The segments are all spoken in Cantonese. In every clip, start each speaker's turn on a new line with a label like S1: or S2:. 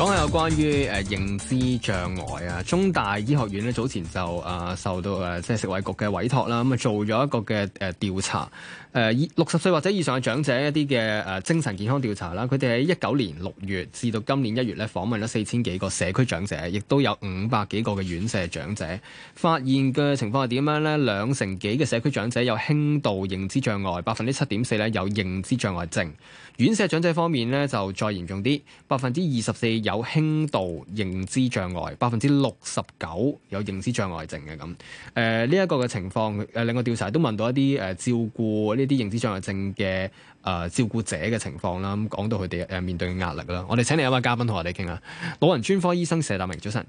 S1: 講下有關於誒認知障礙啊！中大醫學院咧早前就啊、呃、受到誒即係食衞局嘅委託啦，咁啊做咗一個嘅誒、呃、調查，誒六十歲或者以上嘅長者一啲嘅誒精神健康調查啦。佢哋喺一九年六月至到今年一月咧訪問咗四千幾個社區長者，亦都有五百幾個嘅院舍長者。發現嘅情況係點樣呢？兩成幾嘅社區長者有輕度認知障礙，百分之七點四咧有認知障礙症。院舍長者方面呢，就再嚴重啲，百分之二十四有有輕度認知障礙，百分之六十九有認知障礙症嘅。咁，誒呢一個嘅情況，誒、呃、兩個調查都問到一啲誒、呃、照顧呢啲認知障礙症嘅誒、呃、照顧者嘅情況啦。咁講到佢哋誒面對嘅壓力啦。我哋請嚟一位嘉賓同我哋傾下。老人專科醫生佘達明，早晨。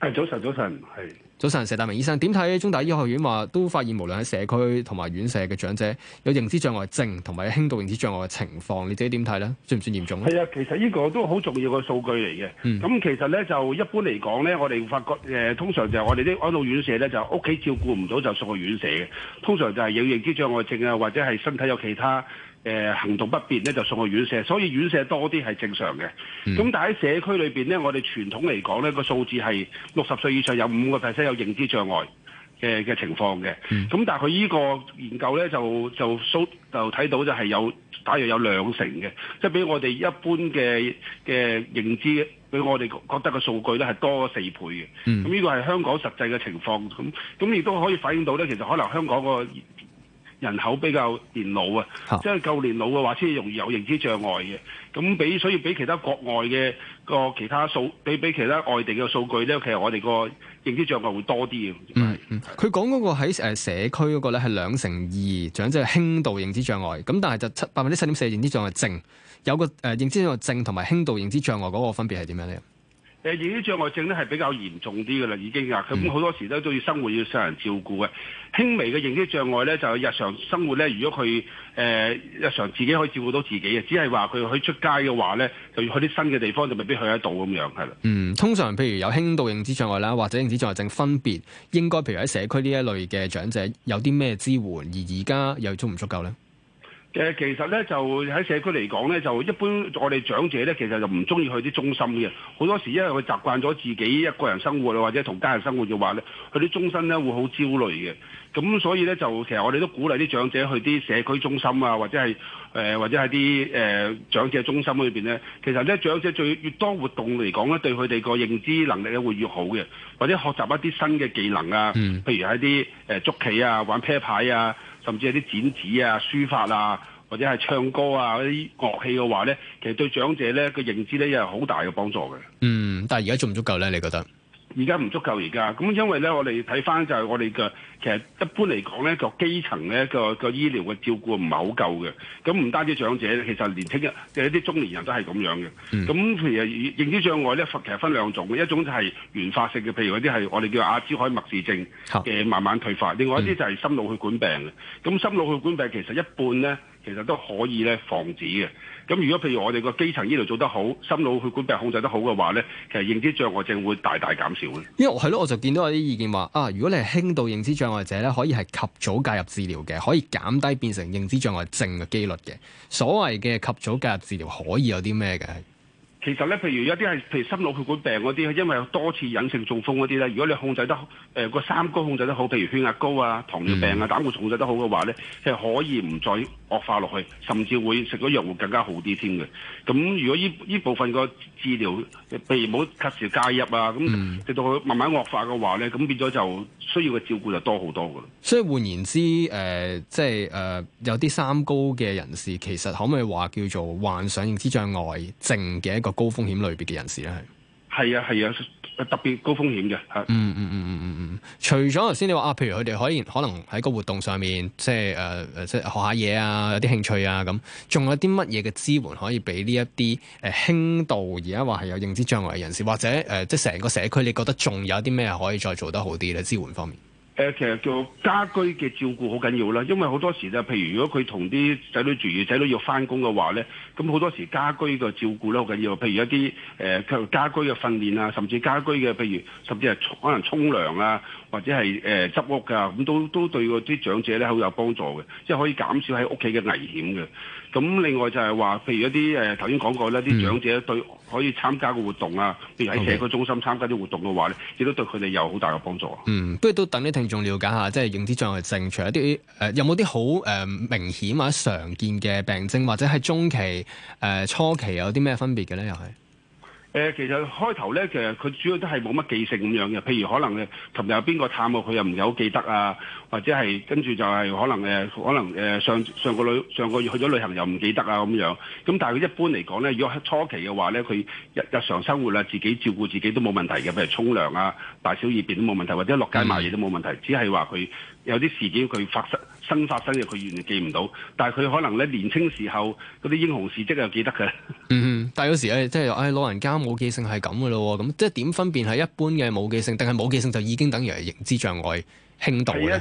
S1: 誒，早晨，早晨，係。早晨，佘達明醫生，點睇中大醫學院話都發現，無論喺社區同埋院舍嘅長者有認知障礙症同埋輕度認知障礙嘅情況，你自己點睇呢？算唔算嚴重咧？
S2: 係啊，其實呢個都好重要嘅數據嚟嘅。咁、嗯、其實咧就一般嚟講咧，我哋發覺誒通常就係我哋啲安老院舍咧，就屋企照顧唔到就送去院舍嘅。通常就係有認知障礙症啊，或者係身體有其他誒、呃、行動不便咧，就送去院舍。所以院舍多啲係正常嘅。咁、嗯、但喺社區裏邊咧，我哋傳統嚟講咧，個數字係六十歲以上有五個 percent 認知障礙嘅嘅情況嘅，咁、嗯、但係佢呢個研究咧就就 s 就睇到就係有大約有兩成嘅，即係比我哋一般嘅嘅認知，比我哋覺得嘅數據咧係多咗四倍嘅。咁呢個係香港實際嘅情況，咁咁亦都可以反映到咧，其實可能香港個。人口比較年老啊，即係夠年老嘅話，先容易有認知障礙嘅。咁比所以比其他國外嘅個其他數，比比其他外地嘅數據呢，其實我哋個認知障礙會多啲嘅、嗯。嗯
S1: 嗯，佢講嗰個喺誒社區嗰個咧係兩成二，長者輕度認知障礙。咁但係就七百分之七點四認知障礙症，有個誒、呃、認知障礙症同埋輕度認知障礙嗰個分別係點樣咧？
S2: 誒認知障礙症咧係比較嚴重啲嘅啦，已經啊，咁好多時都都要生活要上人照顧嘅。輕微嘅認知障礙咧，就日常生活咧，如果佢誒日常自己可以照顧到自己嘅，只係話佢去出街嘅話咧，就要去啲新嘅地方就未必去得到咁樣係啦。嗯，
S1: 通常譬如有輕度認知障礙啦，或者認知障礙症分別應該譬如喺社區呢一類嘅長者有啲咩支援，而而家又足唔足夠咧？
S2: 誒其實咧就喺社區嚟講咧，就一般我哋長者咧，其實就唔中意去啲中心嘅。好多時因為佢習慣咗自己一個人生活或者同家人生活嘅話咧，佢啲中心咧會好焦慮嘅。咁所以咧就其實我哋都鼓勵啲長者去啲社區中心啊，或者係誒、呃、或者喺啲誒長者中心裏面咧。其實咧長者最越多活動嚟講咧，對佢哋個認知能力咧會越好嘅，或者學習一啲新嘅技能啊，譬如喺啲誒捉棋啊、玩啤牌啊。甚至係啲剪紙啊、書法啊，或者係唱歌啊嗰啲樂器嘅話咧，其實對長者咧個認知咧又有好大嘅幫助嘅。嗯，
S1: 但係而家足唔足夠咧？你覺得？
S2: 而家唔足夠，而家咁因為咧，我哋睇翻就係我哋嘅其實一般嚟講咧，個基層咧個個醫療嘅照顧唔係好夠嘅。咁唔單止長者，其實年輕人嘅一啲中年人都係咁樣嘅。咁其實認知障礙咧，其實分兩種嘅，一種就係原發性嘅，譬如嗰啲係我哋叫阿茲海默氏症嘅慢慢退化，嗯、另外一啲就係心腦血管病嘅。咁心腦血管病其實一半咧。其實都可以咧防止嘅。咁如果譬如我哋個基層醫療做得好，心腦血管病控制得好嘅話咧，其實認知障礙症會大大減少。
S1: 因為係咯，我就見到有啲意見話啊，如果你係輕度認知障礙者咧，可以係及早介入治療嘅，可以減低變成認知障礙症嘅機率嘅。所謂嘅及早介入治療可以有啲咩嘅？
S2: 其實咧，譬如有啲係譬如心腦血管病嗰啲，因為有多次隱性中風嗰啲咧。如果你控制得誒個、呃、三高控制得好，譬如血壓高啊、糖尿病啊、膽固醇控制得好嘅話咧，係可以唔再惡化落去，甚至會食咗藥會更加好啲添嘅。咁如果呢呢部分個治療，譬如冇及時介入啊，咁直到佢慢慢惡化嘅話咧，咁變咗就需要嘅照顧就多好多噶啦。
S1: 所以換言之，誒、呃、即係誒、呃、有啲三高嘅人士，其實可唔可以話叫做患上認知障礙症嘅一個？高風險類別嘅人士咧，係係啊
S2: 係啊，特別高風險
S1: 嘅嗯嗯嗯嗯嗯嗯。除咗頭先你話啊，譬如佢哋可以可能喺個活動上面，即係誒誒，即係學下嘢啊，有啲興趣啊咁，仲有啲乜嘢嘅支援可以俾呢一啲誒輕度而家話係有認知障礙嘅人士，或者誒、呃、即係成個社區，你覺得仲有啲咩可以再做得好啲咧？支援方面。
S2: 誒、呃、其實叫家居嘅照顧好緊要啦，因為好多時就譬如如果佢同啲仔女住，仔女要翻工嘅話呢，咁好多時家居嘅照顧都好緊要。譬如一啲誒佢家居嘅訓練啊，甚至家居嘅譬如甚至係可能沖涼啊，或者係誒、呃、執屋㗎、啊，咁都都對嗰啲長者呢好有幫助嘅，即係可以減少喺屋企嘅危險嘅。咁另外就係話，譬如一啲誒頭先講過咧，啲長者對可以參加嘅活動啊，嗯、譬如喺社區中心參加啲活動嘅話咧，亦都 Okay. 對佢哋有好大嘅幫助啊。嗯，
S1: 不如都等啲聽眾了解下，即係認知障礙症，除咗啲誒有冇啲好誒明顯或者常見嘅病徵，或者係中期、誒、呃、初期有啲咩分別嘅咧？又係？
S2: 誒、呃、其實開頭咧，其實佢主要都係冇乜記性咁樣嘅。譬如可能琴日有邊個探佢，佢又唔係好記得啊，或者係跟住就係可能誒，可能誒上上個旅上個月去咗旅行又唔記得啊咁樣。咁但係佢一般嚟講咧，如果喺初期嘅話咧，佢日日常生活啊，自己照顧自己都冇問題嘅，譬如沖涼啊、大小二便都冇問題，或者落街買嘢都冇問題，只係話佢有啲事件佢發生。新發生嘅佢完全記唔到，但係佢可能咧年青時候嗰啲英雄事蹟又記得㗎。嗯 嗯，
S1: 但係有時咧即係唉老人家冇記性係咁嘅咯喎，咁即係點分辨係一般嘅冇記性，定係冇記性就已經等於係認知障礙輕度咧？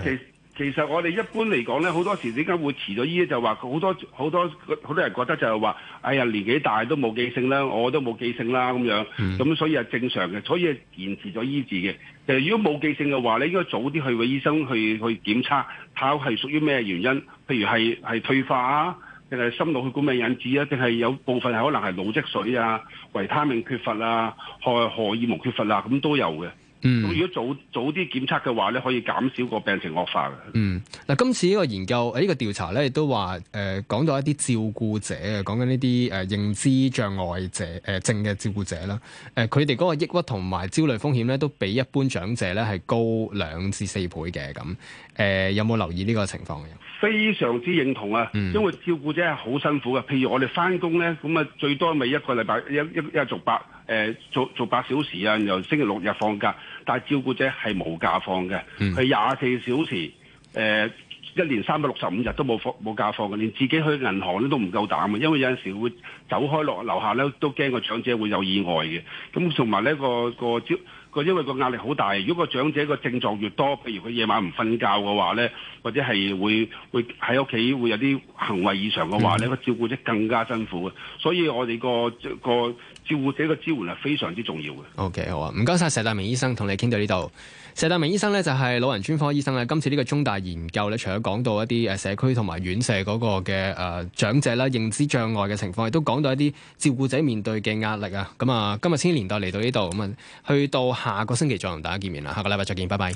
S2: 其實我哋一般嚟講咧，好多時點解會遲咗醫就係話好多好多好多人覺得就係話，哎呀年紀大都冇記性啦，我都冇記性啦咁樣，咁所以係正常嘅，所以係延遲咗醫治嘅。其實如果冇記性嘅話你應該早啲去個醫生去去檢查，睇下係屬於咩原因，譬如係係退化啊，定係心腦血管病引致啊，定係有部分係可能係腦積水啊、維他命缺乏啊、荷荷爾蒙缺乏啊，咁都有嘅。嗯，咁如果早早啲檢測嘅話咧，可以減少個病情惡化嘅。嗯，
S1: 嗱、啊，今次呢個研究、這個、調呢個調查咧，亦都話誒講到一啲照顧者，講緊呢啲誒認知障礙者誒、呃、症嘅照顧者啦。誒、呃，佢哋嗰個抑鬱同埋焦慮風險咧，都比一般長者咧係高兩至四倍嘅咁。誒、呃，有冇留意呢個情況啊？
S2: 非常之認同啊，嗯、因為照顧者係好辛苦嘅。譬如我哋翻工咧，咁啊最多咪一個禮拜一一一做八誒做做八小時啊，又星期六日放假。但係照顧者係冇假放嘅，佢廿四小時誒、呃，一年三百六十五日都冇放冇假放嘅，連自己去銀行咧都唔夠膽啊，因為有陣時會走開落樓下咧，都驚個長者會有意外嘅，咁同埋咧個個招。因為個壓力好大，如果個長者個症狀越多，譬如佢夜晚唔瞓覺嘅話咧，或者係會會喺屋企會有啲行為異常嘅話咧，個照顧者更加辛苦嘅。所以我哋個個照顧者嘅支援係非常之重要
S1: 嘅。OK，好啊，唔該晒，佘達明醫生同你傾到呢度。佘達明醫生呢，就係老人專科醫生咧。今次呢個中大研究咧，除咗講到一啲誒社區同埋院舍嗰個嘅誒長者啦，認知障礙嘅情況，亦都講到一啲照顧者面對嘅壓力啊。咁啊，今日千禧年代嚟到呢度咁啊，去到。下個星期再同大家見面啦，下個禮拜再見，拜拜。